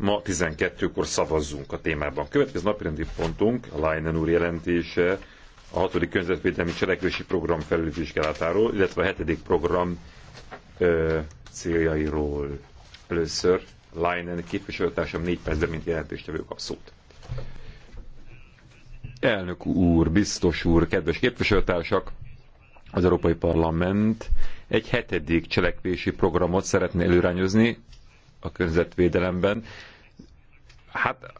ma 12-kor szavazzunk a témában. Következő napirendi pontunk, a Leinen úr jelentése, a 6. környezetvédelmi cselekvési program felülvizsgálatáról, illetve a 7. program ö, céljairól. Először Leinen képviselőtársam 4 percben, mint jelentéstevő kap szót. Elnök úr, biztos úr, kedves képviselőtársak! Az Európai Parlament egy hetedik cselekvési programot szeretne előrányozni a környezetvédelemben, Hát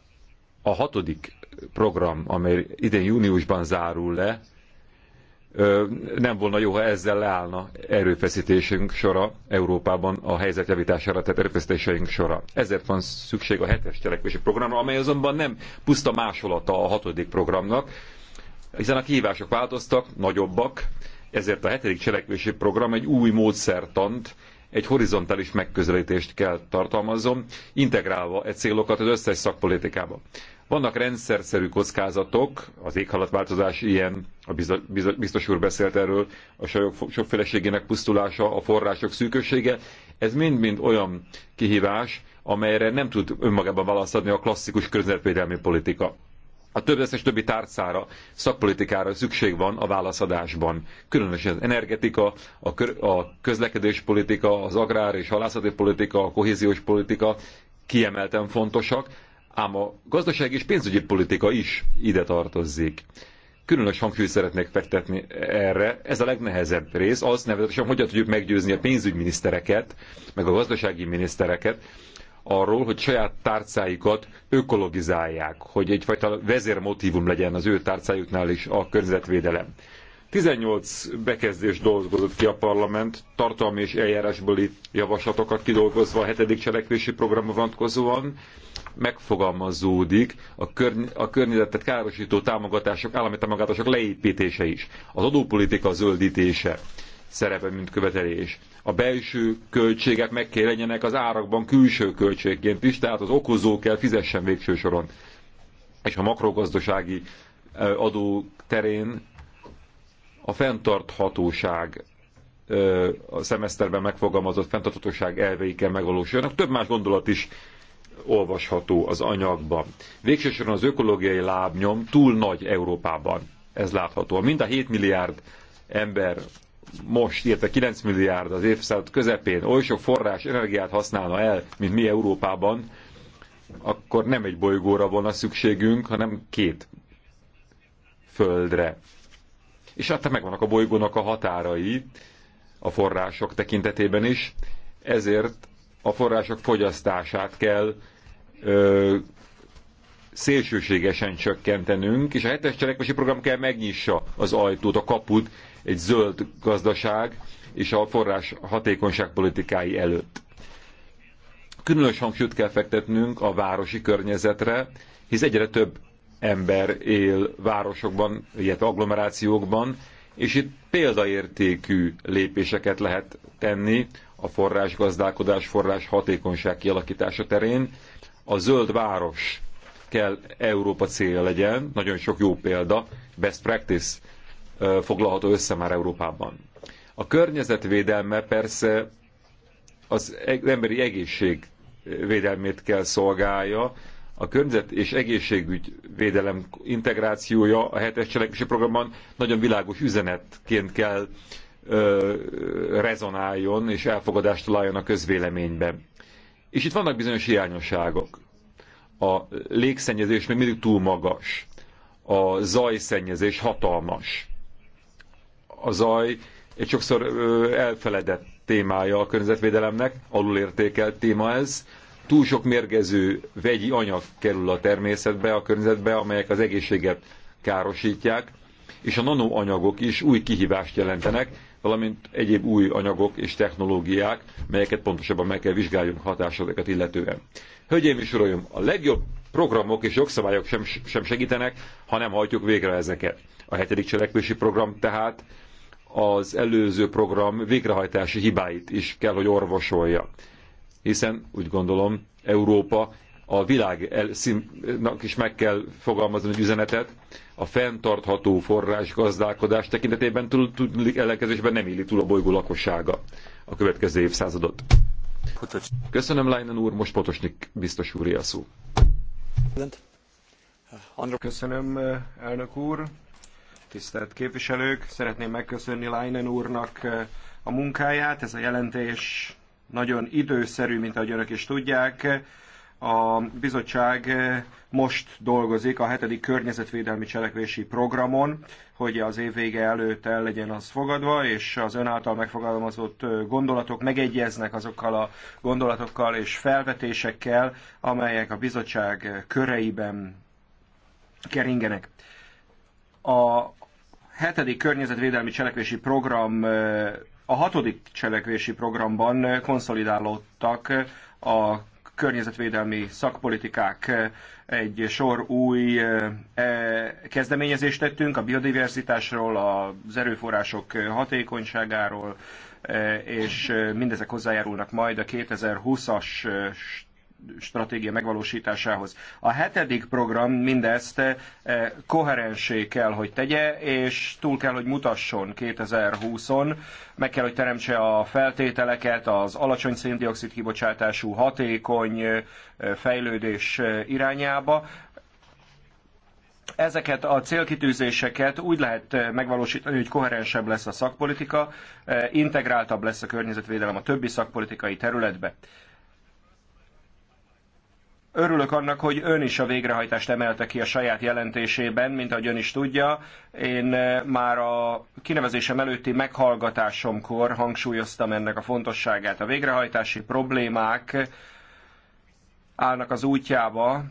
a hatodik program, amely idén júniusban zárul le, nem volna jó, ha ezzel leállna erőfeszítésünk sora Európában a helyzet javítására, tehát erőfeszítéseink sora. Ezért van szükség a hetes cselekvési programra, amely azonban nem puszta másolata a hatodik programnak, hiszen a kihívások változtak, nagyobbak, ezért a hetedik cselekvési program egy új módszertant egy horizontális megközelítést kell tartalmazzon, integrálva e célokat az összes szakpolitikába. Vannak rendszerszerű kockázatok, az éghajlatváltozás ilyen, a biztos úr beszélt erről, a sajok sokféleségének pusztulása, a források szűkössége, ez mind-mind olyan kihívás, amelyre nem tud önmagában választ adni a klasszikus környezetvédelmi politika a több összes többi tárcára, szakpolitikára szükség van a válaszadásban. Különösen az energetika, a, kör, a közlekedéspolitika, az agrár és halászati politika, a kohéziós politika kiemelten fontosak, ám a gazdaság és pénzügyi politika is ide tartozik. Különös hangsúlyt szeretnék fektetni erre. Ez a legnehezebb rész, az nevezetesen, hogyan tudjuk meggyőzni a pénzügyminisztereket, meg a gazdasági minisztereket, arról, hogy saját tárcáikat ökologizálják, hogy egyfajta vezérmotívum legyen az ő tárcájuknál is a környezetvédelem. 18 bekezdés dolgozott ki a parlament, tartalmi és eljárásbeli javaslatokat kidolgozva a hetedik cselekvési programra vonatkozóan, megfogalmazódik a, körny- a környezetet károsító támogatások, állami támogatások leépítése is, az adópolitika zöldítése szerepe, mint követelés, a belső költségek meg kell legyenek az árakban külső költségként is, tehát az okozó kell fizessen végső soron. És a makrogazdasági adó terén a fenntarthatóság a szemeszterben megfogalmazott fenntarthatóság elvei kell Több más gondolat is olvasható az anyagban. Végsősorban az ökológiai lábnyom túl nagy Európában. Ez látható. Mind a 7 milliárd ember most, illetve 9 milliárd az évszázad közepén oly sok forrás, energiát használna el, mint mi Európában, akkor nem egy bolygóra volna szükségünk, hanem két földre. És hát megvannak a bolygónak a határai a források tekintetében is, ezért a források fogyasztását kell ö, szélsőségesen csökkentenünk, és a hetes cselekvési program kell megnyissa az ajtót, a kaput egy zöld gazdaság és a forrás hatékonyság politikái előtt. Különös hangsúlyt kell fektetnünk a városi környezetre, hisz egyre több ember él városokban, illetve agglomerációkban, és itt példaértékű lépéseket lehet tenni a forrásgazdálkodás, forrás hatékonyság kialakítása terén. A zöld város kell Európa célja legyen, nagyon sok jó példa, best practice foglalható össze már Európában. A környezetvédelme persze az emberi egészség védelmét kell szolgálja, a környezet és egészségügy védelem integrációja a hetes cselekvési programban nagyon világos üzenetként kell ö, rezonáljon és elfogadást találjon a közvéleményben. És itt vannak bizonyos hiányosságok. A légszennyezés még mindig túl magas. A zajszennyezés hatalmas a zaj egy sokszor elfeledett témája a környezetvédelemnek, alulértékelt téma ez. Túl sok mérgező vegyi anyag kerül a természetbe, a környezetbe, amelyek az egészséget károsítják, és a nanoanyagok is új kihívást jelentenek, valamint egyéb új anyagok és technológiák, melyeket pontosabban meg kell vizsgáljunk hatásokat illetően. Hölgyeim és uraim, a legjobb programok és jogszabályok sem, sem segítenek, ha nem hajtjuk végre ezeket. A hetedik cselekvési program tehát az előző program végrehajtási hibáit is kell, hogy orvosolja. Hiszen úgy gondolom, Európa a világnak is meg kell fogalmazni egy üzenetet, a fenntartható forrás gazdálkodás tekintetében túl, túl, ellenkezésben nem éli túl a bolygó lakossága a következő évszázadot. Köszönöm, Leinen úr, most Potosnik biztos úr a szó. Köszönöm, elnök úr tisztelt képviselők! Szeretném megköszönni Leinen úrnak eh, a munkáját. Ez a jelentés nagyon időszerű, mint ahogy önök is tudják. A bizottság eh, most dolgozik a hetedik környezetvédelmi cselekvési programon, hogy az év vége előtt el legyen az fogadva, és az ön által megfogalmazott eh, gondolatok megegyeznek azokkal a gondolatokkal és felvetésekkel, amelyek a bizottság köreiben keringenek. A hetedik környezetvédelmi cselekvési program, a hatodik cselekvési programban konszolidálódtak a környezetvédelmi szakpolitikák egy sor új e, kezdeményezést tettünk a biodiverzitásról, az erőforrások hatékonyságáról, és mindezek hozzájárulnak majd a 2020-as stratégia megvalósításához. A hetedik program mindezt eh, koherensé kell, hogy tegye, és túl kell, hogy mutasson 2020-on, meg kell, hogy teremtse a feltételeket az alacsony széndiokszid kibocsátású hatékony eh, fejlődés eh, irányába, ezeket a célkitűzéseket úgy lehet megvalósítani, hogy koherensebb lesz a szakpolitika, integráltabb lesz a környezetvédelem a többi szakpolitikai területbe. Örülök annak, hogy ön is a végrehajtást emelte ki a saját jelentésében, mint ahogy ön is tudja. Én eh, már a kinevezésem előtti meghallgatásomkor hangsúlyoztam ennek a fontosságát. A végrehajtási problémák állnak az útjába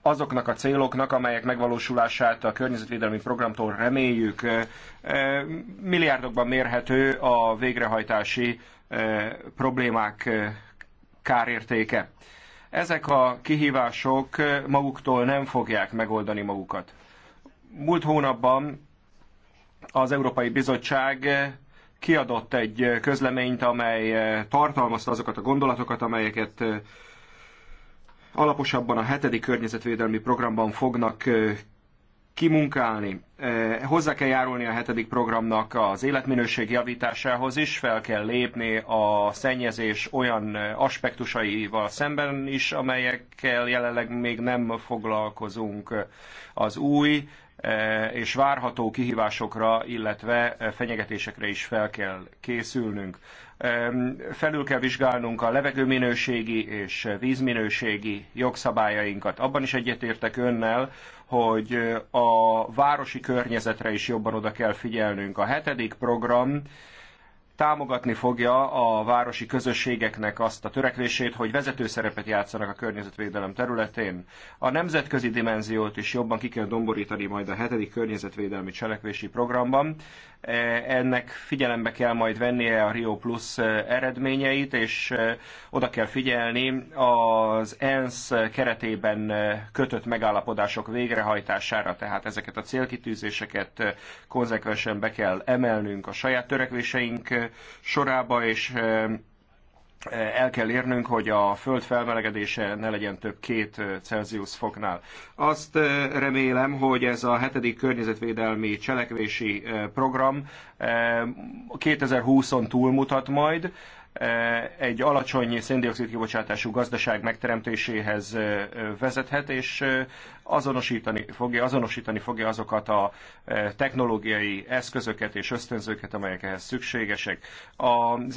azoknak a céloknak, amelyek megvalósulását a környezetvédelmi programtól reméljük. Eh, milliárdokban mérhető a végrehajtási eh, problémák kárértéke. Ezek a kihívások maguktól nem fogják megoldani magukat. Múlt hónapban az Európai Bizottság kiadott egy közleményt, amely tartalmazta azokat a gondolatokat, amelyeket alaposabban a hetedik környezetvédelmi programban fognak kimunkálni. Hozzá kell járulni a hetedik programnak az életminőség javításához is, fel kell lépni a szennyezés olyan aspektusaival szemben is, amelyekkel jelenleg még nem foglalkozunk. Az új Eh, és várható kihívásokra, illetve eh, fenyegetésekre is fel kell készülnünk. Felül kell vizsgálnunk a levegőminőségi és vízminőségi jogszabályainkat. Abban is egyetértek önnel, hogy eh, a városi környezetre is jobban oda kell figyelnünk. A hetedik program támogatni fogja a városi közösségeknek azt a törekvését, hogy vezető szerepet játszanak a környezetvédelem területén. A nemzetközi dimenziót is jobban ki kell domborítani majd a hetedik környezetvédelmi cselekvési programban, E, ennek figyelembe kell majd vennie a Rio Plus e, eredményeit, és e, oda kell figyelni az ENSZ keretében kötött megállapodások végrehajtására, tehát ezeket a célkitűzéseket konzekvensen be kell emelnünk a saját törekvéseink sorába, és el kell érnünk, hogy a föld felmelegedése ne legyen több két Celsius foknál. Azt remélem, hogy ez a hetedik környezetvédelmi cselekvési program 2020-on túlmutat majd, Eh, egy alacsony széndiokszid kibocsátású gazdaság megteremtéséhez eh, vezethet, és eh, azonosítani fogja, azonosítani fogja azokat a technológiai eszközöket és ösztönzőket, amelyek ehhez szükségesek. Az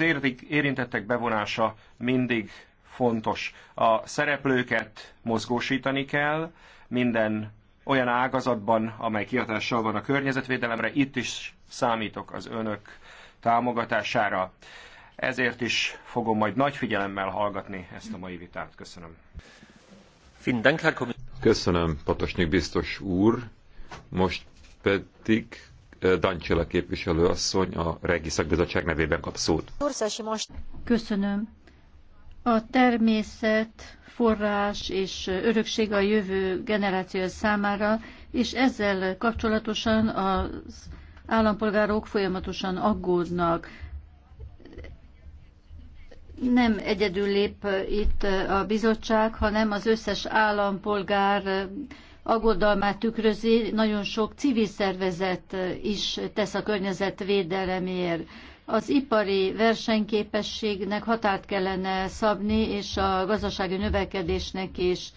érintettek bevonása mindig fontos. A szereplőket mozgósítani kell, minden olyan ágazatban, amely kihatással van a környezetvédelemre, itt is számítok az önök támogatására. Ezért is fogom majd nagy figyelemmel hallgatni ezt a mai vitát. Köszönöm. Köszönöm, Patosnyik biztos úr. Most pedig eh, Dancsela képviselő asszony a Regi Szakbizottság nevében kap szót. Köszönöm. A természet, forrás és örökség a jövő generáció számára, és ezzel kapcsolatosan az állampolgárok folyamatosan aggódnak nem egyedül lép itt a bizottság, hanem az összes állampolgár aggodalmát tükrözi, nagyon sok civil szervezet is tesz a környezetvédelemért. Az ipari versenyképességnek határt kellene szabni, és a gazdasági növekedésnek is.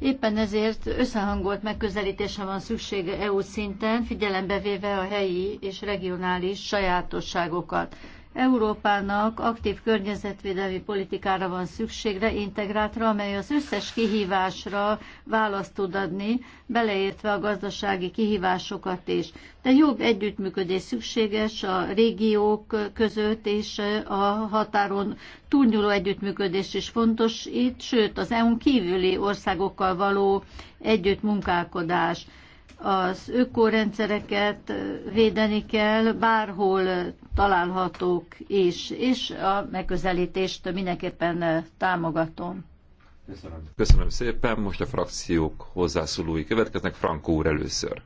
Éppen ezért összehangolt megközelítése van szüksége EU szinten, figyelembe véve a helyi és regionális sajátosságokat. Európának aktív környezetvédelmi politikára van szükségre, integráltra, amely az összes kihívásra választ tud adni, beleértve a gazdasági kihívásokat is. De jobb együttműködés szükséges a régiók között, és a határon túlnyúló együttműködés is fontos itt, sőt az EU-n kívüli országokkal való együttmunkálkodás az ökorendszereket védeni kell, bárhol találhatók is, és a megközelítést mindenképpen támogatom. Köszönöm. Köszönöm szépen. Most a frakciók hozzászólói következnek. Frank úr először.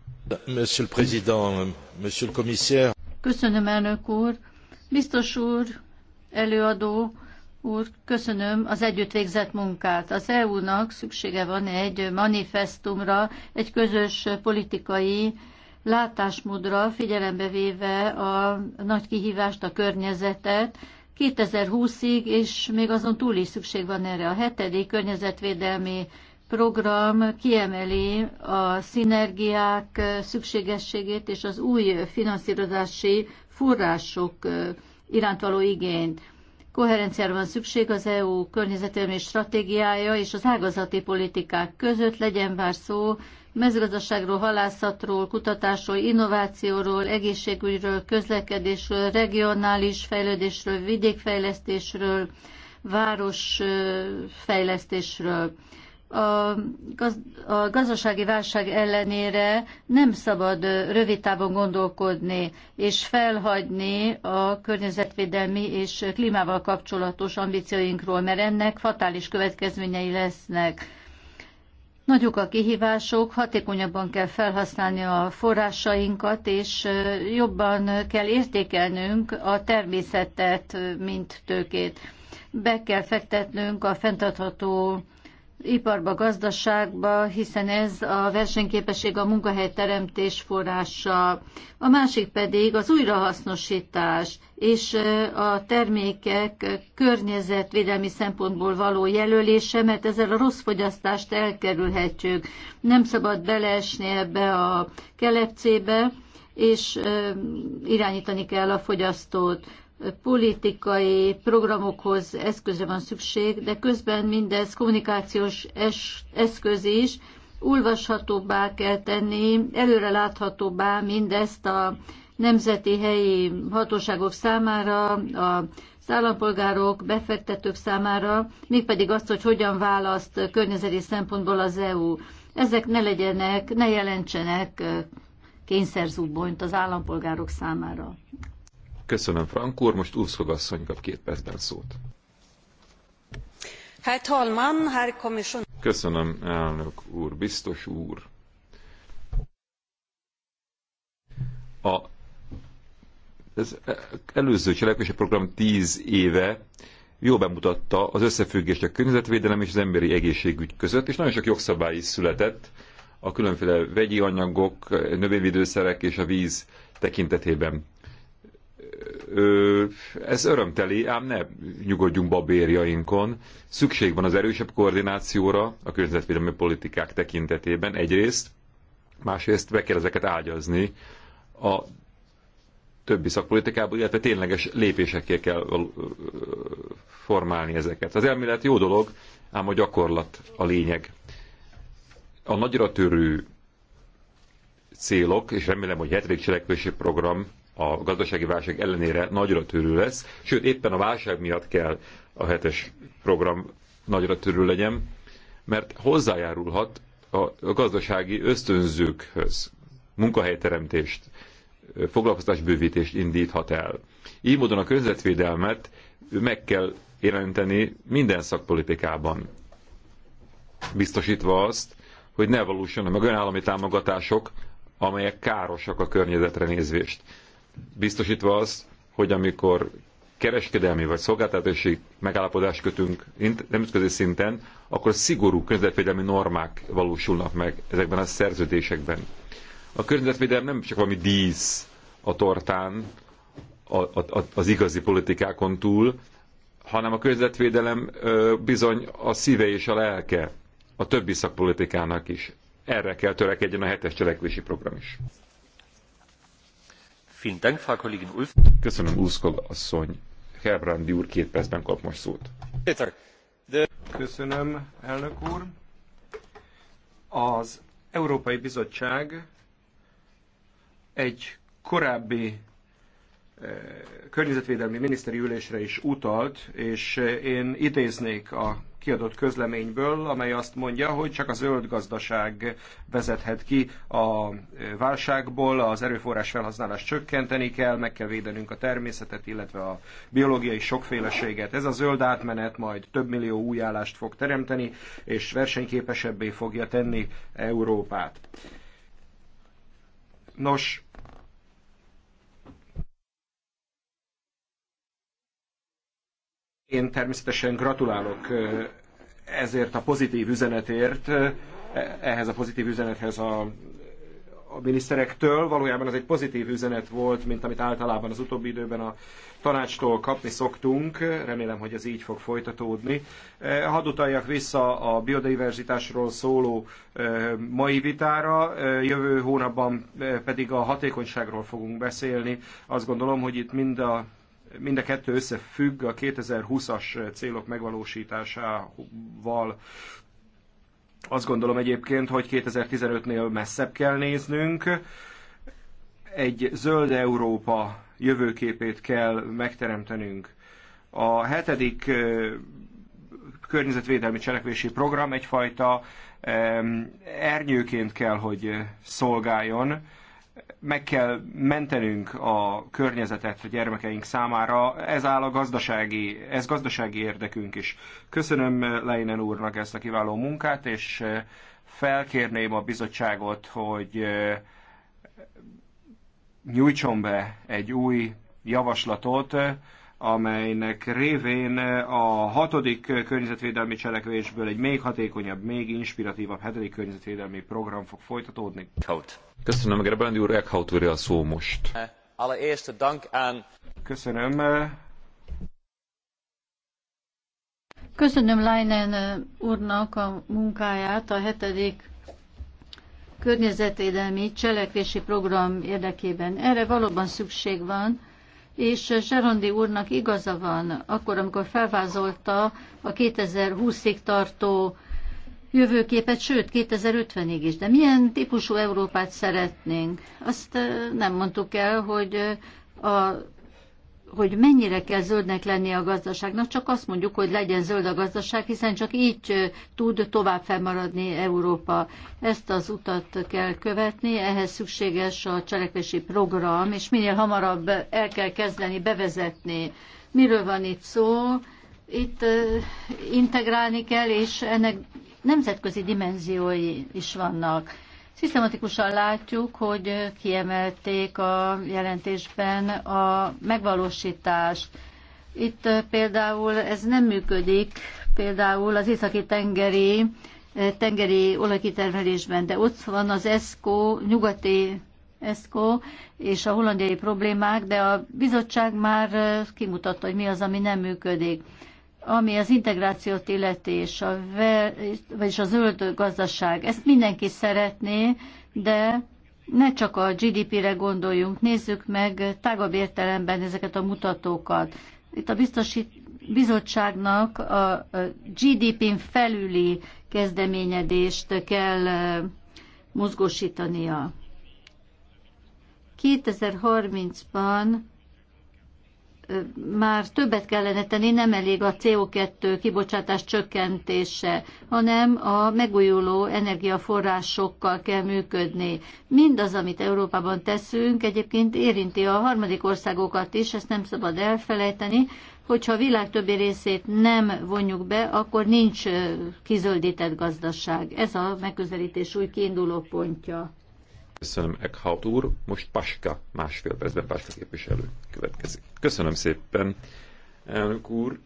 Monsieur le Président, Monsieur le Commissaire. Köszönöm, elnök úr. Biztos úr, előadó, úr, köszönöm az együtt végzett munkát. Az EU-nak szüksége van egy manifestumra, egy közös politikai látásmódra, figyelembe véve a nagy kihívást, a környezetet, 2020-ig, és még azon túl is szükség van erre. A hetedik környezetvédelmi program kiemeli a szinergiák szükségességét és az új finanszírozási források iránt való igényt. Koherenciára van szükség az EU környezetvédelmi stratégiája és az ágazati politikák között, legyen már szó mezőgazdaságról, halászatról, kutatásról, innovációról, egészségügyről, közlekedésről, regionális fejlődésről, vidékfejlesztésről, városfejlesztésről a, gaz, a gazdasági válság ellenére nem szabad rövid távon gondolkodni és felhagyni a környezetvédelmi és klímával kapcsolatos ambícióinkról, mert ennek fatális következményei lesznek. Nagyok a kihívások, hatékonyabban kell felhasználni a forrásainkat, és jobban kell értékelnünk a természetet, mint tőkét. Be kell fektetnünk a fenntartható iparba, gazdaságba, hiszen ez a versenyképesség a munkahely teremtés, forrása. A másik pedig az újrahasznosítás és a termékek környezetvédelmi szempontból való jelölése, mert ezzel a rossz fogyasztást elkerülhetjük. Nem szabad beleesni ebbe a kelepcébe, és irányítani kell a fogyasztót politikai programokhoz eszköze van szükség, de közben mindez kommunikációs eszköz is, olvashatóbbá kell tenni, előreláthatóbbá mindezt a nemzeti helyi hatóságok számára, a az állampolgárok, befektetők számára, mégpedig azt, hogy hogyan választ környezeti szempontból az EU. Ezek ne legyenek, ne jelentsenek kényszerzúbonyt az állampolgárok számára. Köszönöm, Frank úr. Most Úrszkog asszony kap két percben szót. Herr talman, herr kommission. Köszönöm, elnök úr, biztos úr. A ez előző cselekvési program tíz éve jó bemutatta az összefüggést a környezetvédelem és az emberi egészségügy között, és nagyon sok jogszabály is született a különféle vegyi anyagok, növényvédőszerek és a víz tekintetében ez örömteli, ám ne nyugodjunk babérjainkon. Szükség van az erősebb koordinációra a környezetvédelmi politikák tekintetében egyrészt, másrészt be kell ezeket ágyazni a többi szakpolitikából, illetve tényleges lépésekké kell formálni ezeket. Az elmélet jó dolog, ám a gyakorlat a lényeg. A nagyra törő célok, és remélem, hogy hetedik cselekvési program a gazdasági válság ellenére nagyra törő lesz, sőt éppen a válság miatt kell a hetes program nagyra törő legyen, mert hozzájárulhat a gazdasági ösztönzőkhöz, munkahelyteremtést, foglalkoztatásbővítést indíthat el. Így módon a közvetvédelmet meg kell jelenteni minden szakpolitikában, biztosítva azt, hogy ne valósulnak meg olyan állami támogatások, amelyek károsak a környezetre nézvést biztosítva az, hogy amikor kereskedelmi vagy szolgáltatási megállapodást kötünk nemzetközi szinten, akkor szigorú környezetvédelmi normák valósulnak meg ezekben a szerződésekben. A környezetvédelem nem csak valami dísz a tortán, a, a, az igazi politikákon túl, hanem a környezetvédelem bizony a szíve és a lelke a többi szakpolitikának is. Erre kell törekedjen a hetes cselekvési program is. Köszönöm, Úszkog asszony. Herbrandi úr két percben kap most szót. Köszönöm, elnök úr. Az Európai Bizottság egy korábbi eh, környezetvédelmi miniszteri ülésre is utalt, és eh, én idéznék a kiadott közleményből, amely azt mondja, hogy csak a zöld gazdaság vezethet ki a válságból, az erőforrás felhasználást csökkenteni kell, meg kell védenünk a természetet, illetve a biológiai sokféleséget. Ez a zöld átmenet majd több millió új állást fog teremteni, és versenyképesebbé fogja tenni Európát. Nos, Én természetesen gratulálok ezért a pozitív üzenetért, ehhez a pozitív üzenethez a, a miniszterektől. Valójában ez egy pozitív üzenet volt, mint amit általában az utóbbi időben a tanácstól kapni szoktunk. Remélem, hogy ez így fog folytatódni. Hadd utaljak vissza a biodiverzitásról szóló mai vitára. Jövő hónapban pedig a hatékonyságról fogunk beszélni. Azt gondolom, hogy itt mind a mind a kettő összefügg a 2020-as célok megvalósításával. Azt gondolom egyébként, hogy 2015-nél messzebb kell néznünk. Egy zöld Európa jövőképét kell megteremtenünk. A hetedik környezetvédelmi cselekvési program egyfajta ernyőként kell, hogy szolgáljon meg kell mentenünk a környezetet a gyermekeink számára, ez áll a gazdasági, ez gazdasági érdekünk is. Köszönöm Leinen úrnak ezt a kiváló munkát, és eh, felkérném a bizottságot, hogy eh, nyújtson be egy új javaslatot, eh, amelynek révén a hatodik környezetvédelmi cselekvésből egy még hatékonyabb, még inspiratívabb hetedik környezetvédelmi program fog folytatódni. Köszönöm, Gerbrendi úr, Eckhout úr a szó most. Eh, Köszönöm. Köszönöm Leinen eh, úrnak a munkáját a hetedik környezetvédelmi cselekvési program érdekében. Erre valóban szükség van, és Zserondi úrnak igaza van, akkor, amikor felvázolta a 2020-ig tartó jövőképet, sőt 2050-ig is. De milyen típusú Európát szeretnénk? Azt eh, nem mondtuk el, hogy eh, a hogy mennyire kell zöldnek lennie a gazdaságnak, csak azt mondjuk, hogy legyen zöld a gazdaság, hiszen csak így tud tovább felmaradni Európa. Ezt az utat kell követni, ehhez szükséges a cselekvési program, és minél hamarabb el kell kezdeni bevezetni. Miről van itt szó? Itt integrálni kell, és ennek nemzetközi dimenziói is vannak Szisztematikusan látjuk, hogy kiemelték a jelentésben a megvalósítást. Itt például ez nem működik, például az északi tengeri tengeri olajkitermelésben, de ott van az ESCO, nyugati ESCO és a hollandiai problémák, de a bizottság már kimutatta, hogy mi az, ami nem működik ami az integrációt illeti, és a, vagyis a zöld gazdaság. Ezt mindenki szeretné, de ne csak a GDP-re gondoljunk, nézzük meg tágabb értelemben ezeket a mutatókat. Itt a biztosít, bizottságnak a GDP-n felüli kezdeményedést kell mozgósítania. 2030-ban már többet kellene tenni, nem elég a CO2 kibocsátás csökkentése, hanem a megújuló energiaforrásokkal kell működni. Mindaz, amit Európában teszünk, egyébként érinti a harmadik országokat is, ezt nem szabad elfelejteni, hogyha a világ többi részét nem vonjuk be, akkor nincs kizöldített gazdaság. Ez a megközelítés új kiinduló pontja. Köszönöm, Eckhout úr. Most Paska, másfél percben Paska képviselő következik. Köszönöm szépen, elnök úr.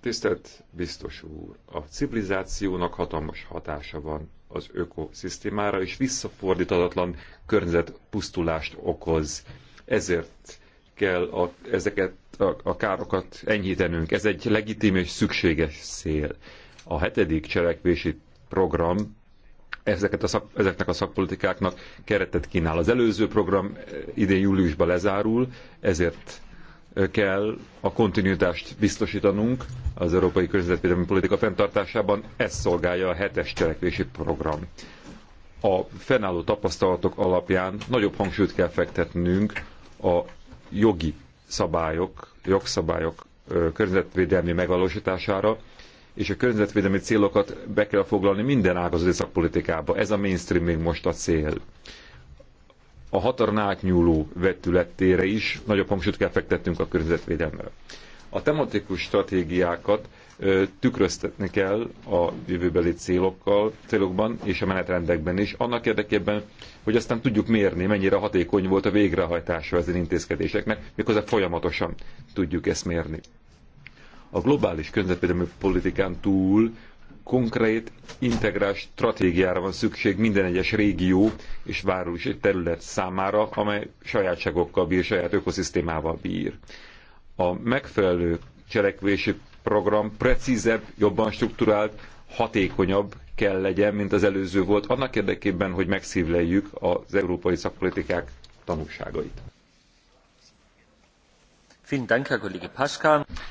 Tisztelt biztos úr, a civilizációnak hatalmas hatása van az ökoszisztémára, és visszafordítatlan környezetpusztulást okoz. Ezért kell a, ezeket a, a károkat enyhítenünk. Ez egy legitim és szükséges szél. A hetedik cselekvési program ezeket a szak, ezeknek a szakpolitikáknak keretet kínál. Az előző program eh, idén júliusban lezárul, ezért eh, kell a kontinuitást biztosítanunk az európai környezetvédelmi politika fenntartásában, ez szolgálja a hetes cselekvési program. A fennálló tapasztalatok alapján nagyobb hangsúlyt kell fektetnünk a jogi szabályok, jogszabályok eh, környezetvédelmi megvalósítására, és a környezetvédelmi célokat be kell foglalni minden ágazati szakpolitikába. Ez a mainstream még most a cél. A határon átnyúló vetületére is nagyobb hangsúlyt kell fektetnünk a környezetvédelmre. A tematikus stratégiákat tükröztetni kell a jövőbeli célokkal, célokban és a menetrendekben is, annak érdekében, hogy aztán tudjuk mérni, mennyire hatékony volt a végrehajtása ezen intézkedéseknek, miközben folyamatosan tudjuk ezt mérni a globális környezetvédelmi politikán túl konkrét integrás stratégiára van szükség minden egyes régió és város egy terület számára, amely sajátságokkal bír, saját ökoszisztémával bír. A megfelelő cselekvési program precízebb, jobban struktúrált, hatékonyabb kell legyen, mint az előző volt, annak érdekében, hogy megszívleljük az európai szakpolitikák tanulságait.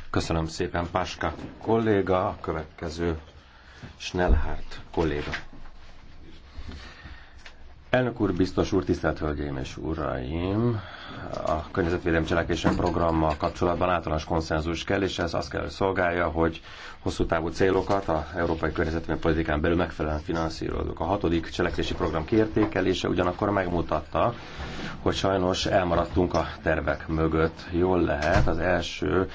Köszönöm szépen, Páska kolléga, a következő Schnellhardt kolléga. Elnök úr, biztos úr, tisztelt hölgyeim és uraim! a környezetvédelmi cselekvésen programmal kapcsolatban általános konszenzus kell, és ez azt kell, hogy szolgálja, hogy hosszú távú célokat a európai környezetvédelmi politikán belül megfelelően finanszírozunk. A hatodik cselekvési program kiértékelése ugyanakkor megmutatta, hogy sajnos elmaradtunk a tervek mögött. Jól lehet, az első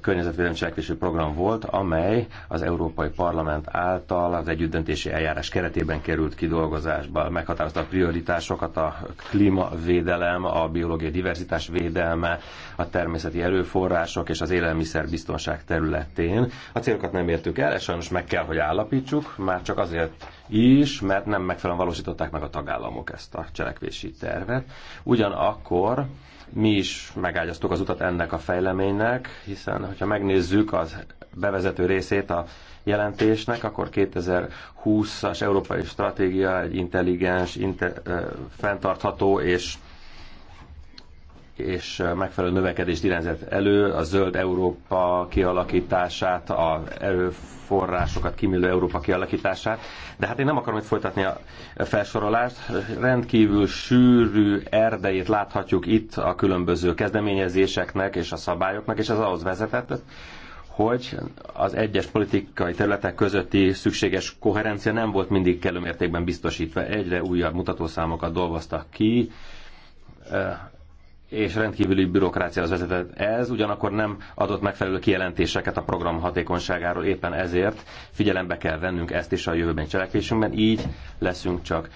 környezetvédelmi cselekvési program volt, amely az Európai Parlament által az együttdöntési eljárás keretében került kidolgozásba. Meghatározta a prioritásokat, a klímavédelem, a biológiai diverzitás védelme, a természeti erőforrások és az élelmiszerbiztonság területén. A célokat nem értük el, és sajnos meg kell, hogy állapítsuk, már csak azért is, mert nem megfelelően valósították meg a tagállamok ezt a cselekvési tervet. Ugyanakkor mi is megágyaztuk az utat ennek a fejleménynek, hiszen ha megnézzük az bevezető részét a jelentésnek, akkor 2020-as Európai Stratégia egy intelligens, inte, fenntartható és és megfelelő növekedést irányzat elő, a zöld Európa kialakítását, a erőforrásokat kimélő Európa kialakítását. De hát én nem akarom itt folytatni a felsorolást. Rendkívül sűrű erdejét láthatjuk itt a különböző kezdeményezéseknek és a szabályoknak, és ez ahhoz vezetett, hogy az egyes politikai területek közötti szükséges koherencia nem volt mindig kellő mértékben biztosítva. Egyre újabb mutatószámokat dolgoztak ki, és rendkívüli bürokrácia az vezetett ez, ugyanakkor nem adott megfelelő kijelentéseket a program hatékonyságáról, éppen ezért figyelembe kell vennünk ezt is a jövőben cselekvésünkben, így leszünk csak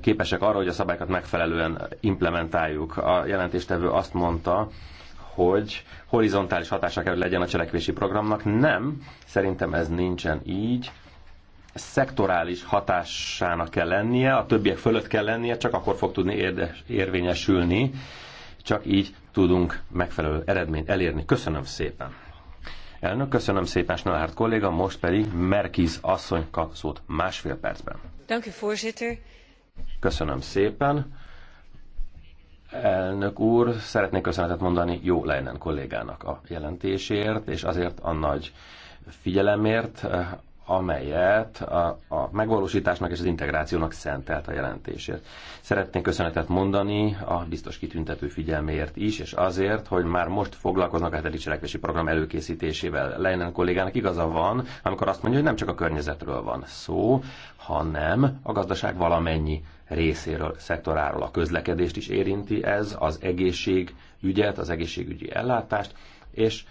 képesek arra, hogy a szabályokat megfelelően implementáljuk. A jelentéstevő azt mondta, hogy horizontális hatása kell, hogy legyen a cselekvési programnak. Nem, szerintem ez nincsen így szektorális hatásának kell lennie, a többiek fölött kell lennie, csak akkor fog tudni érvényesülni csak így tudunk megfelelő eredményt elérni. Köszönöm szépen! Elnök, köszönöm szépen, Snellhárt kolléga, most pedig Merkiz asszony kap szót másfél percben. Köszönöm szépen. Elnök úr, szeretnék köszönetet mondani Jó Leinen kollégának a jelentésért, és azért a nagy figyelemért, amelyet a, a megvalósításnak és az integrációnak szentelt a jelentésért. Szeretnék köszönetet mondani a biztos kitüntető figyelméért is, és azért, hogy már most foglalkoznak a heteli cselekvési program előkészítésével. Leinen kollégának igaza van, amikor azt mondja, hogy nem csak a környezetről van szó, hanem a gazdaság valamennyi részéről, szektoráról. A közlekedést is érinti ez, az egészségügyet, az egészségügyi ellátást, és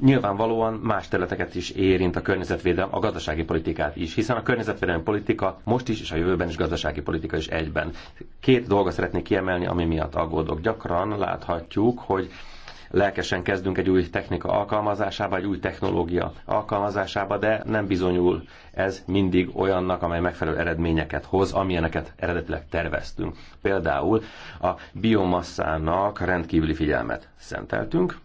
nyilvánvalóan más területeket is érint a környezetvédelem, a gazdasági politikát is, hiszen a környezetvédelmi politika most is és a jövőben is gazdasági politika is egyben. Két dolgot szeretnék kiemelni, ami miatt aggódok. Gyakran láthatjuk, hogy lelkesen kezdünk egy új technika alkalmazásába, egy új technológia alkalmazásába, de nem bizonyul ez mindig olyannak, amely megfelelő eredményeket hoz, amilyeneket eredetileg terveztünk. Például a biomasszának rendkívüli figyelmet szenteltünk,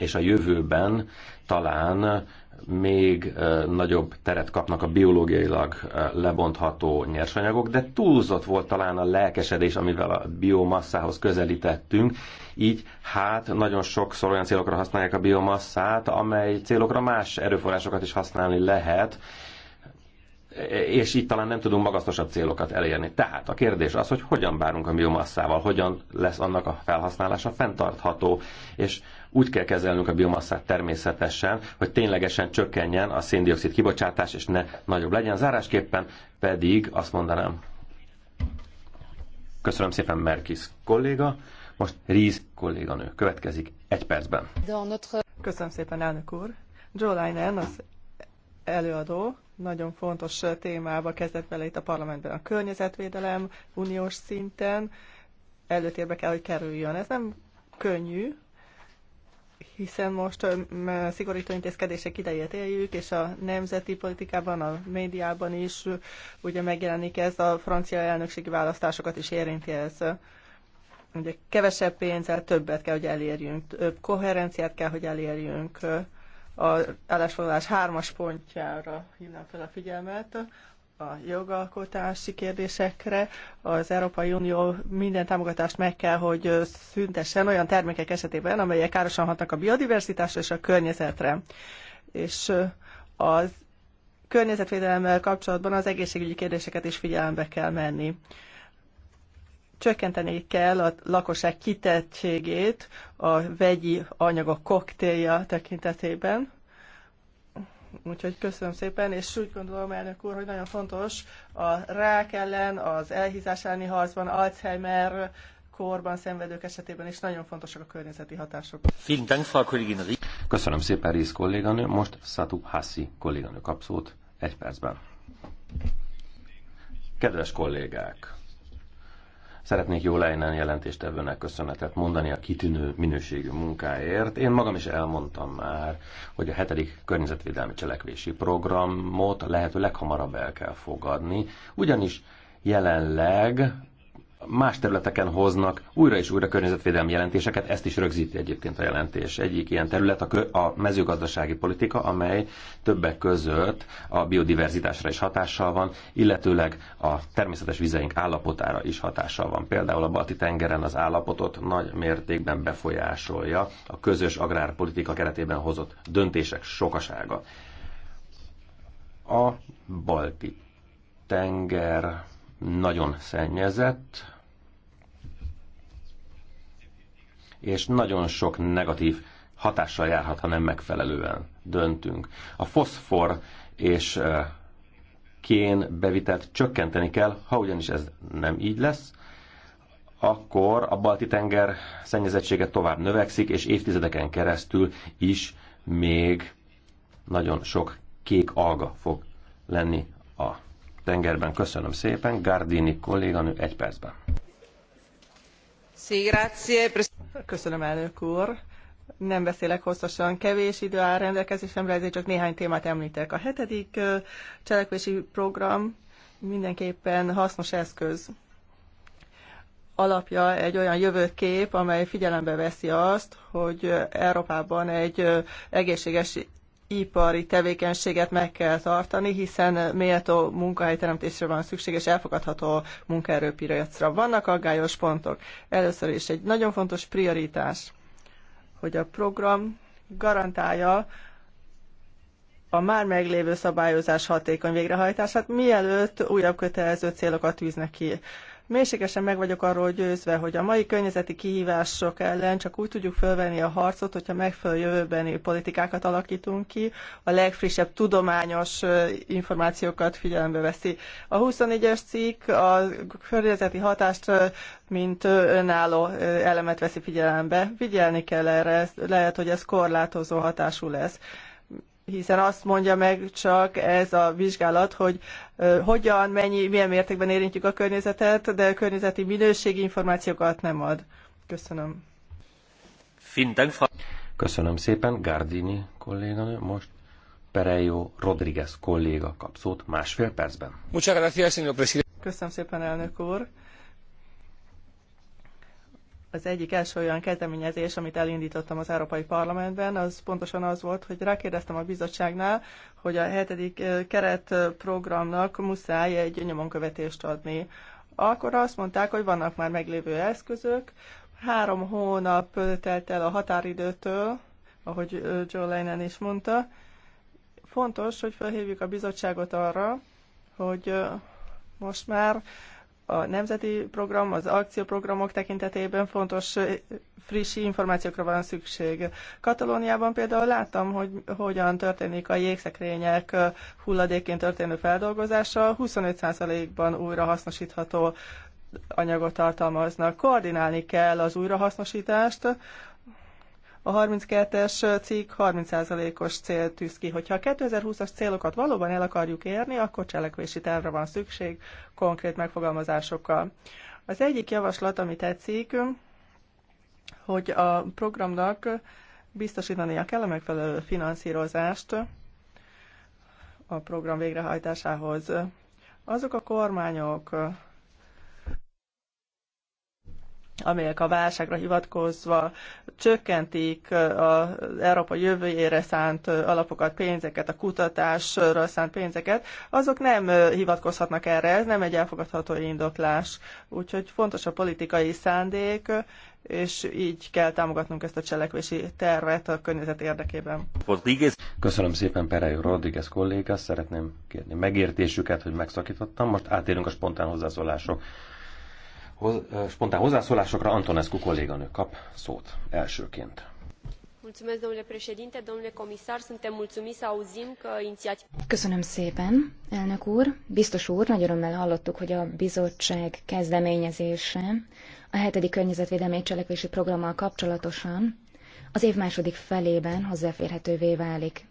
és a jövőben talán még nagyobb teret kapnak a biológiailag lebontható nyersanyagok, de túlzott volt talán a lelkesedés, amivel a biomasszához közelítettünk, így hát nagyon sokszor olyan célokra használják a biomasszát, amely célokra más erőforrásokat is használni lehet, és így talán nem tudunk magasztosabb célokat elérni. Tehát a kérdés az, hogy hogyan bárunk a biomasszával, hogyan lesz annak a felhasználása fenntartható, és úgy kell kezelnünk a biomasszát természetesen, hogy ténylegesen csökkenjen a széndiokszid kibocsátás, és ne nagyobb legyen. Zárásképpen pedig azt mondanám, köszönöm szépen Merkis kolléga, most Ríz kolléganő következik egy percben. Köszönöm szépen, elnök úr. Joe Linen, az előadó, nagyon fontos témába kezdett bele itt a parlamentben a környezetvédelem uniós szinten. Előtérbe kell, hogy kerüljön. Ez nem könnyű, hiszen most szigorító intézkedések idejét éljük, és a nemzeti politikában, a médiában is ugye megjelenik ez, a francia elnökségi választásokat is érinti ez. Ugye kevesebb pénzzel többet kell, hogy elérjünk, több koherenciát kell, hogy elérjünk. A állásfoglalás hármas pontjára hívnám fel a figyelmet a jogalkotási kérdésekre. Az Európai Unió minden támogatást meg kell, hogy szüntessen olyan termékek esetében, amelyek károsan hatnak a biodiversitásra és a környezetre. És az környezetvédelemmel kapcsolatban az egészségügyi kérdéseket is figyelembe kell menni. Csökkenteni kell a lakosság kitettségét a vegyi anyagok koktélja tekintetében, Úgyhogy köszönöm szépen, és úgy gondolom, elnök úr, hogy nagyon fontos a rák ellen, az elhízás elleni harcban, Alzheimer korban szenvedők esetében is nagyon fontosak a környezeti hatások. Köszönöm szépen, Rész kolléganő. Most Szatu Hassi kolléganő kap szót egy percben. Kedves kollégák! Szeretnék jó lejnen jelentést ebből köszönetet mondani a kitűnő minőségű munkáért. Én magam is elmondtam már, hogy a hetedik környezetvédelmi cselekvési programot a lehető leghamarabb el kell fogadni, ugyanis jelenleg más területeken hoznak újra és újra környezetvédelmi jelentéseket, ezt is rögzíti egyébként a jelentés. Egyik ilyen terület a, a mezőgazdasági politika, amely többek között a biodiverzitásra is hatással van, illetőleg a természetes vizeink állapotára is hatással van. Például a Balti-tengeren az állapotot nagy mértékben befolyásolja a közös agrárpolitika keretében hozott döntések sokasága. A Balti tenger nagyon szennyezett, és nagyon sok negatív hatással járhat, ha nem megfelelően döntünk. A foszfor és kén bevitelt csökkenteni kell, ha ugyanis ez nem így lesz, akkor a Balti-tenger szennyezettsége tovább növekszik, és évtizedeken keresztül is még nagyon sok kék alga fog lenni a tengerben. Köszönöm szépen. Gardini kolléganő egy percben. Köszönöm, elnök úr. Nem beszélek hosszasan, kevés idő áll rendelkezésemre, ezért csak néhány témát említek. A hetedik cselekvési program mindenképpen hasznos eszköz alapja egy olyan jövőkép, amely figyelembe veszi azt, hogy Európában egy egészséges ipari tevékenységet meg kell tartani, hiszen méltó munkahelyteremtésre van szükség, és elfogadható munkaerőpiracra. Vannak aggályos pontok. Először is egy nagyon fontos prioritás, hogy a program garantálja a már meglévő szabályozás hatékony végrehajtását, mielőtt újabb kötelező célokat tűznek ki. Mélységesen meg vagyok arról győzve, hogy a mai környezeti kihívások ellen csak úgy tudjuk fölvenni a harcot, hogyha megfelelő jövőbeni politikákat alakítunk ki, a legfrissebb tudományos információkat figyelembe veszi. A 24-es cikk a környezeti hatást, mint önálló elemet veszi figyelembe. Figyelni kell erre, lehet, hogy ez korlátozó hatású lesz hiszen azt mondja meg csak ez a vizsgálat, hogy hogyan, mennyi, milyen mértékben érintjük a környezetet, de a környezeti minőségi információkat nem ad. Köszönöm. Köszönöm szépen, Gardini kolléganő. Most Perejo Rodriguez kolléga kap szót másfél percben. Köszönöm szépen, elnök úr az egyik első olyan kezdeményezés, amit elindítottam az Európai Parlamentben, az pontosan az volt, hogy rákérdeztem a bizottságnál, hogy a hetedik keretprogramnak muszáj egy nyomonkövetést adni. Akkor azt mondták, hogy vannak már meglévő eszközök, három hónap telt el a határidőtől, ahogy Joe Leinen is mondta. Fontos, hogy felhívjuk a bizottságot arra, hogy most már a nemzeti program, az akcióprogramok tekintetében fontos friss információkra van szükség. Katalóniában például láttam, hogy hogyan történik a jégszekrények hulladékén történő feldolgozása, 25%-ban újra hasznosítható anyagot tartalmaznak. Koordinálni kell az újrahasznosítást, a 32-es cikk 30%-os cél tűz ki. Hogyha a 2020-as célokat valóban el akarjuk érni, akkor cselekvési tervre van szükség konkrét megfogalmazásokkal. Az egyik javaslat, ami tetszik, hogy a programnak biztosítania kell a megfelelő finanszírozást a program végrehajtásához. Azok a kormányok, amelyek a válságra hivatkozva csökkentik az Európa jövőjére szánt alapokat, pénzeket, a kutatásra szánt pénzeket, azok nem hivatkozhatnak erre, ez nem egy elfogadható indoklás. Úgyhogy fontos a politikai szándék, és így kell támogatnunk ezt a cselekvési tervet a környezet érdekében. Köszönöm szépen Perejo Rodriguez kolléga, szeretném kérni megértésüket, hogy megszakítottam. Most átérünk a spontán hozzászólások hoz, spontán hozzászólásokra Antonescu kolléganő kap szót elsőként. Köszönöm szépen, elnök úr. Biztos úr, nagy örömmel hallottuk, hogy a bizottság kezdeményezése a hetedik környezetvédelmi cselekvési programmal kapcsolatosan az év második felében hozzáférhetővé válik.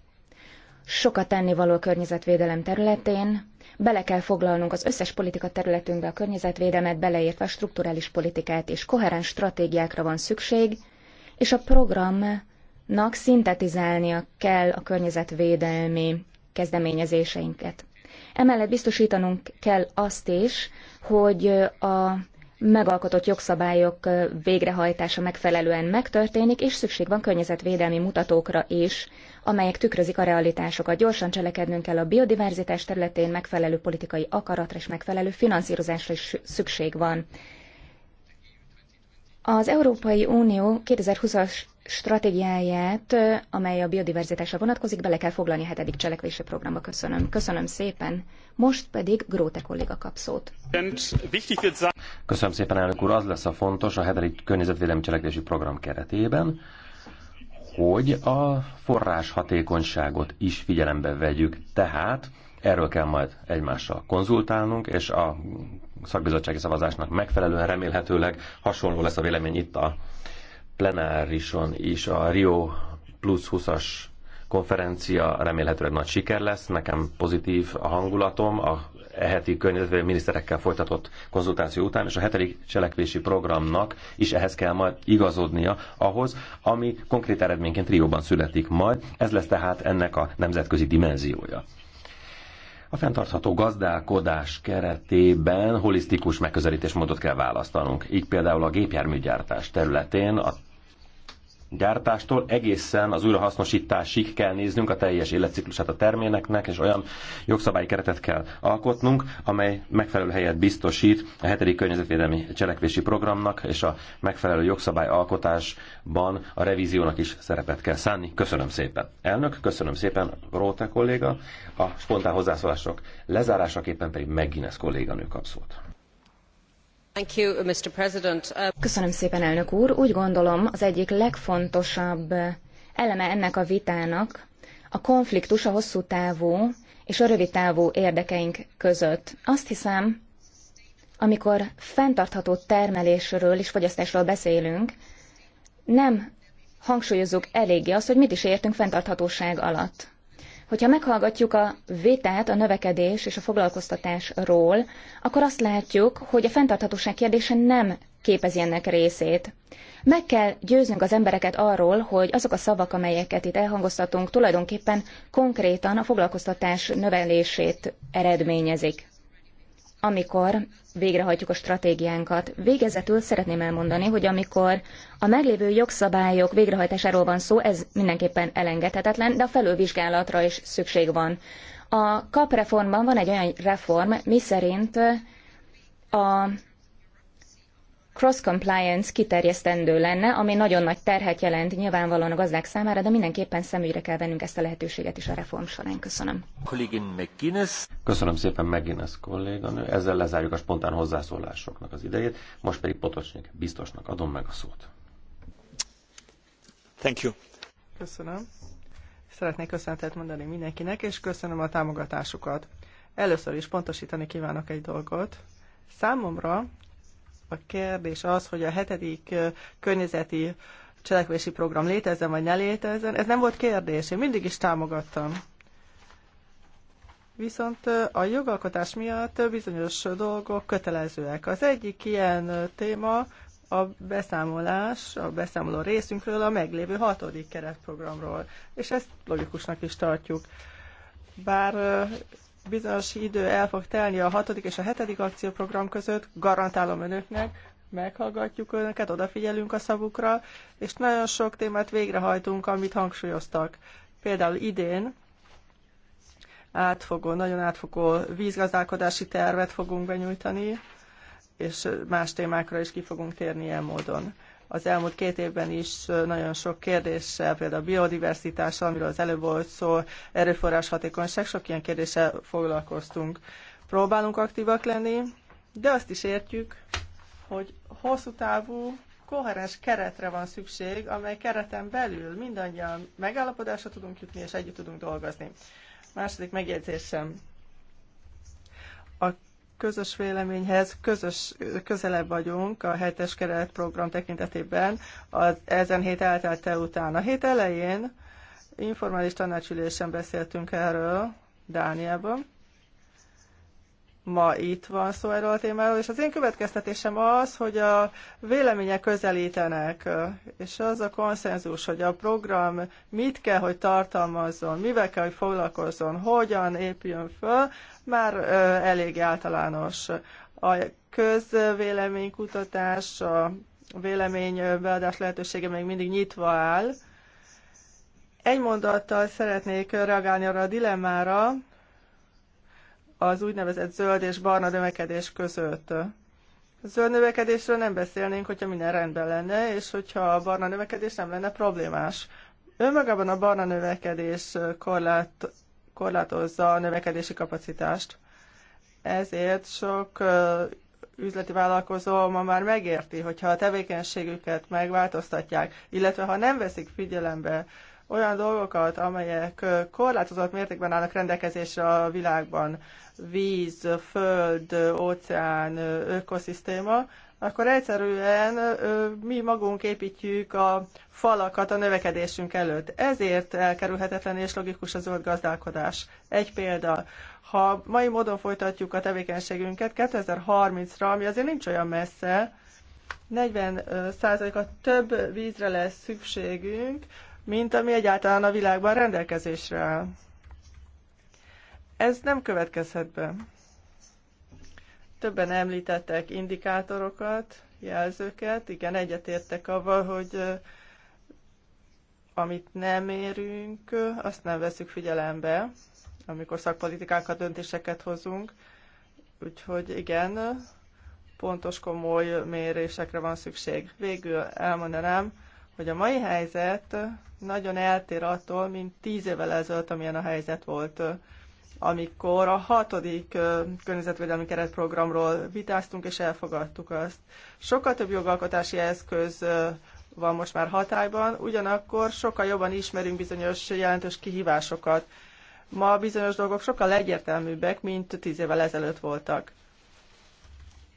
Sokat tennivaló a környezetvédelem területén, Bele kell foglalnunk az összes politika területünkbe a környezetvédelmet, beleértve a strukturális politikát és koherens stratégiákra van szükség, és a programnak szintetizálnia kell a környezetvédelmi kezdeményezéseinket. Emellett biztosítanunk kell azt is, hogy a megalkotott jogszabályok végrehajtása megfelelően megtörténik, és szükség van környezetvédelmi mutatókra is, amelyek tükrözik a realitásokat. Gyorsan cselekednünk kell a biodiverzitás területén, megfelelő politikai akaratra és megfelelő finanszírozásra is szükség van. Az Európai Unió 2020-as stratégiáját, amely a biodiverzitásra vonatkozik, bele kell foglalni a hetedik cselekvési programba. Köszönöm. Köszönöm szépen, most pedig Gróte kolléga kap szót. Köszönöm szépen, elnök úr. Az lesz a fontos a hetedik környezetvédelmi cselekvési program keretében, hogy a forrás hatékonyságot is figyelembe vegyük. Tehát erről kell majd egymással konzultálnunk, és a szakbizottsági szavazásnak megfelelően remélhetőleg hasonló lesz a vélemény itt a plenárison is a Rio plusz 20-as konferencia remélhetőleg nagy siker lesz, nekem pozitív a hangulatom, a heti környezetvédelmi miniszterekkel folytatott konzultáció után, és a hetedik cselekvési programnak is ehhez kell majd igazodnia ahhoz, ami konkrét eredményként Rióban születik majd. Ez lesz tehát ennek a nemzetközi dimenziója. A fenntartható gazdálkodás keretében holisztikus megközelítésmódot kell választanunk. Így például a gépjárműgyártás területén a gyártástól egészen az újrahasznosításig kell néznünk a teljes életciklusát a terméneknek, és olyan jogszabályi keretet kell alkotnunk, amely megfelelő helyet biztosít a hetedik környezetvédelmi cselekvési programnak, és a megfelelő jogszabály alkotásban a revíziónak is szerepet kell szánni. Köszönöm szépen. Elnök, köszönöm szépen, Róta kolléga. A spontán hozzászólások lezárásaképpen pedig McGuinness kolléganő kap szót. Uh, Köszönöm szépen, elnök úr. Úgy gondolom, az egyik legfontosabb eleme ennek a vitának a konfliktus a hosszú távú és a rövid távú érdekeink között. Azt hiszem, amikor fenntartható termelésről és fogyasztásról beszélünk, nem hangsúlyozzuk eléggé azt, hogy mit is értünk fenntarthatóság alatt. Hogyha meghallgatjuk a vitát a növekedés és a foglalkoztatásról, akkor azt látjuk, hogy a fenntarthatóság kérdése nem képezi ennek részét. Meg kell győznünk az embereket arról, hogy azok a szavak, amelyeket itt elhangoztatunk, tulajdonképpen konkrétan a foglalkoztatás növelését eredményezik amikor végrehajtjuk a stratégiánkat. Végezetül szeretném elmondani, hogy amikor a meglévő jogszabályok végrehajtásáról van szó, ez mindenképpen elengedhetetlen, de a felülvizsgálatra is szükség van. A kapreformban van egy olyan reform, miszerint a cross-compliance kiterjesztendő lenne, ami nagyon nagy terhet jelent nyilvánvalóan a gazdák számára, de mindenképpen szemügyre kell vennünk ezt a lehetőséget is a reform során. Köszönöm. Kollégin McGuinness. Köszönöm szépen McGuinness kolléganő. Ezzel lezárjuk a spontán hozzászólásoknak az idejét. Most pedig Potocsnyik biztosnak adom meg a szót. Thank you. Köszönöm. Szeretnék köszönetet mondani mindenkinek, és köszönöm a támogatásukat. Először is pontosítani kívánok egy dolgot. Számomra a kérdés az, hogy a hetedik környezeti cselekvési program létezzen vagy ne létezzen, ez nem volt kérdés, én mindig is támogattam. Viszont a jogalkotás miatt bizonyos dolgok kötelezőek. Az egyik ilyen téma a beszámolás, a beszámoló részünkről a meglévő hatodik keretprogramról, és ezt logikusnak is tartjuk. Bár bizonyos idő el fog telni a hatodik és a hetedik akcióprogram között, garantálom önöknek, meghallgatjuk önöket, odafigyelünk a szavukra, és nagyon sok témát végrehajtunk, amit hangsúlyoztak. Például idén átfogó, nagyon átfogó vízgazdálkodási tervet fogunk benyújtani, és más témákra is ki fogunk térni ilyen módon. Az elmúlt két évben is nagyon sok kérdéssel, például a biodiversitás, amiről az előbb volt szó, erőforrás hatékonyság, sok ilyen kérdéssel foglalkoztunk. Próbálunk aktívak lenni, de azt is értjük, hogy hosszú távú koherens keretre van szükség, amely kereten belül mindannyian megállapodásra tudunk jutni, és együtt tudunk dolgozni. Második megjegyzésem. A közös véleményhez közös, közelebb vagyunk a hetes keretprogram tekintetében az ezen hét eltelte után. A hét elején informális tanácsülésen beszéltünk erről Dániában, ma itt van szó erről a témáról, és az én következtetésem az, hogy a vélemények közelítenek, és az a konszenzus, hogy a program mit kell, hogy tartalmazzon, mivel kell, hogy foglalkozzon, hogyan épüljön föl, már elég általános. A közvéleménykutatás, a véleménybeadás lehetősége még mindig nyitva áll. Egy mondattal szeretnék reagálni arra a dilemmára, az úgynevezett zöld és barna növekedés között. A zöld növekedésről nem beszélnénk, hogyha minden rendben lenne, és hogyha a barna növekedés nem lenne problémás. Önmagában a barna növekedés korlát, korlátozza a növekedési kapacitást. Ezért sok üzleti vállalkozó ma már megérti, hogyha a tevékenységüket megváltoztatják, illetve ha nem veszik figyelembe olyan dolgokat, amelyek korlátozott mértékben állnak rendelkezésre a világban, víz, föld, óceán, ökoszisztéma, akkor egyszerűen mi magunk építjük a falakat a növekedésünk előtt. Ezért elkerülhetetlen és logikus a zöld gazdálkodás. Egy példa, ha mai módon folytatjuk a tevékenységünket 2030-ra, ami azért nincs olyan messze, 40%-a több vízre lesz szükségünk, mint ami egyáltalán a világban rendelkezésre áll. Ez nem következhet be. Többen említettek indikátorokat, jelzőket. Igen, egyetértek avval, hogy amit nem érünk, azt nem veszük figyelembe, amikor szakpolitikákat, döntéseket hozunk. Úgyhogy igen, pontos, komoly mérésekre van szükség. Végül elmondanám, hogy a mai helyzet nagyon eltér attól, mint tíz évvel ezelőtt, amilyen a helyzet volt, amikor a hatodik környezetvédelmi keretprogramról vitáztunk és elfogadtuk azt. Sokkal több jogalkotási eszköz van most már hatályban, ugyanakkor sokkal jobban ismerünk bizonyos jelentős kihívásokat. Ma bizonyos dolgok sokkal egyértelműbbek, mint tíz évvel ezelőtt voltak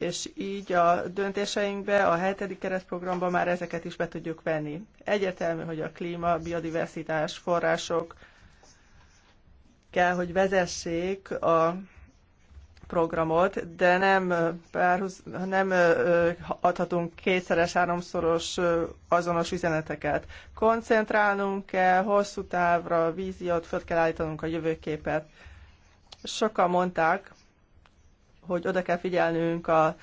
és így a döntéseinkbe, a hetedik keretprogramba már ezeket is be tudjuk venni. Egyértelmű, hogy a klíma, biodiversitás, források kell, hogy vezessék a programot, de nem, párhuz, nem adhatunk kétszeres, háromszoros azonos üzeneteket. Koncentrálnunk kell, hosszú távra víziót, föl kell állítanunk a jövőképet. Sokan mondták, hogy oda kell figyelnünk a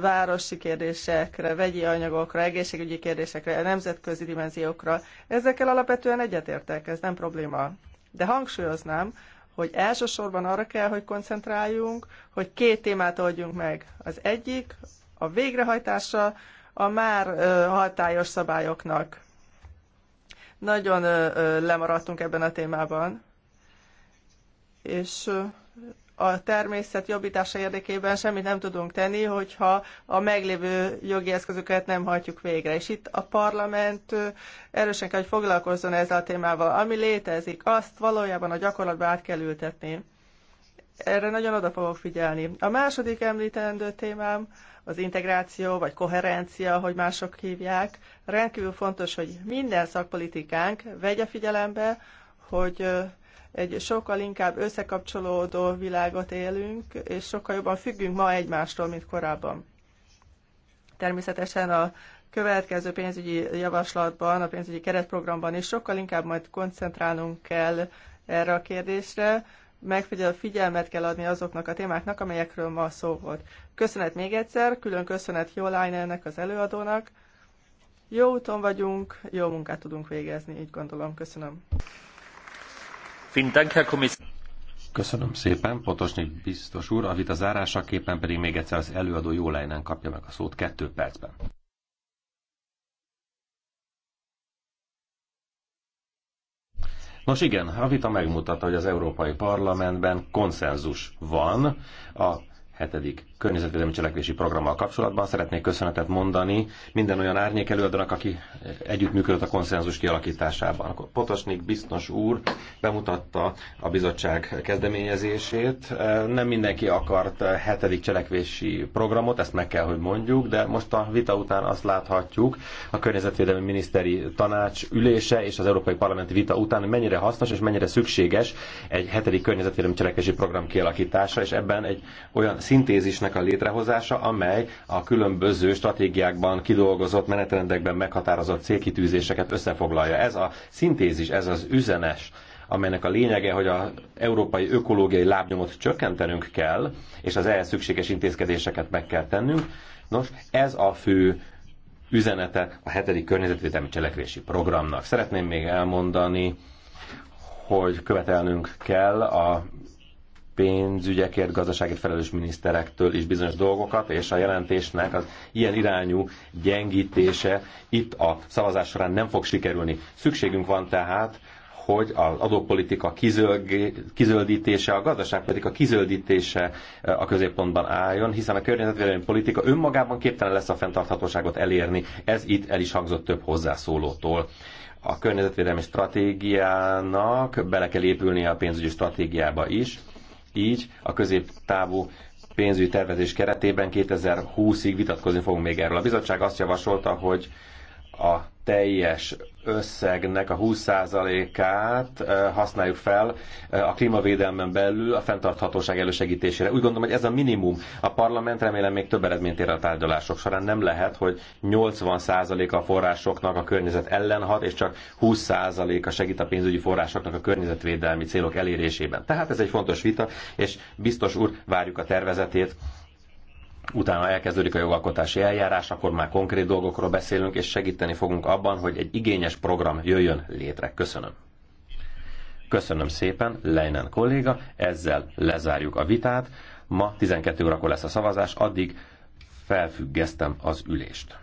városi kérdésekre, vegyi anyagokra, egészségügyi kérdésekre, a nemzetközi dimenziókra. Ezekkel alapvetően egyetértek, ez nem probléma. De hangsúlyoznám, hogy elsősorban arra kell, hogy koncentráljunk, hogy két témát oldjunk meg. Az egyik a végrehajtása a már hatályos szabályoknak. Nagyon lemaradtunk ebben a témában, és a természet jobbítása érdekében semmit nem tudunk tenni, hogyha a meglévő jogi eszközöket nem hajtjuk végre. És itt a parlament erősen kell, hogy foglalkozzon ezzel a témával. Ami létezik, azt valójában a gyakorlatba át kell ültetni. Erre nagyon oda fogok figyelni. A második említendő témám az integráció, vagy koherencia, hogy mások hívják. Rendkívül fontos, hogy minden szakpolitikánk vegye figyelembe, hogy egy sokkal inkább összekapcsolódó világot élünk, és sokkal jobban függünk ma egymástól, mint korábban. Természetesen a következő pénzügyi javaslatban, a pénzügyi keretprogramban is sokkal inkább majd koncentrálnunk kell erre a kérdésre, megfigyelő figyelmet kell adni azoknak a témáknak, amelyekről ma szó volt. Köszönet még egyszer, külön köszönet ennek az előadónak. Jó úton vagyunk, jó munkát tudunk végezni, így gondolom. Köszönöm. Köszönöm szépen, Potosnyik biztos úr. A vita zárásaképpen pedig még egyszer az előadó Jólejnán kapja meg a szót kettő percben. Nos igen, a vita megmutatta, hogy az Európai Parlamentben konszenzus van a hetedik környezetvédelmi cselekvési programmal kapcsolatban. Szeretnék köszönetet mondani minden olyan árnyék előadónak, aki együttműködött a konszenzus kialakításában. Potosnik biztos úr bemutatta a bizottság kezdeményezését. Nem mindenki akart hetedik cselekvési programot, ezt meg kell, hogy mondjuk, de most a vita után azt láthatjuk a környezetvédelmi miniszteri tanács ülése és az Európai Parlamenti vita után, hogy mennyire hasznos és mennyire szükséges egy hetedik környezetvédelmi cselekvési program kialakítása, és ebben egy olyan szintézisnek a létrehozása, amely a különböző stratégiákban kidolgozott menetrendekben meghatározott célkitűzéseket összefoglalja. Ez a szintézis, ez az üzenes, amelynek a lényege, hogy az európai ökológiai lábnyomot csökkentenünk kell, és az ehhez szükséges intézkedéseket meg kell tennünk. Nos, ez a fő üzenete a hetedik környezetvédelmi cselekvési programnak. Szeretném még elmondani, hogy követelnünk kell a pénzügyekért, gazdaságért felelős miniszterektől is bizonyos dolgokat, és a jelentésnek az ilyen irányú gyengítése itt a szavazás során nem fog sikerülni. Szükségünk van tehát, hogy az adópolitika kizöldítése, a gazdaság pedig a kizöldítése eh, a középpontban álljon, hiszen a környezetvédelmi politika önmagában képtelen lesz a fenntarthatóságot elérni. Ez itt el is hangzott több hozzászólótól a környezetvédelmi stratégiának bele kell épülnie a pénzügyi stratégiába is, így a középtávú pénzügyi tervezés keretében 2020-ig vitatkozni fogunk még erről. A bizottság azt javasolta, hogy a teljes összegnek a 20%-át használjuk fel a klímavédelmen belül a fenntarthatóság elősegítésére. Úgy gondolom, hogy ez a minimum. A parlament remélem még több eredményt ér a tárgyalások során. Nem lehet, hogy 80% a forrásoknak a környezet ellen hat, és csak 20%-a segít a pénzügyi forrásoknak a környezetvédelmi célok elérésében. Tehát ez egy fontos vita, és biztos úr, várjuk a tervezetét utána elkezdődik a jogalkotási eljárás, akkor már konkrét dolgokról beszélünk, és segíteni fogunk abban, hogy egy igényes program jöjjön létre. Köszönöm. Köszönöm szépen, Leinen kolléga, ezzel lezárjuk a vitát. Ma 12 órakor lesz a szavazás, addig felfüggesztem az ülést.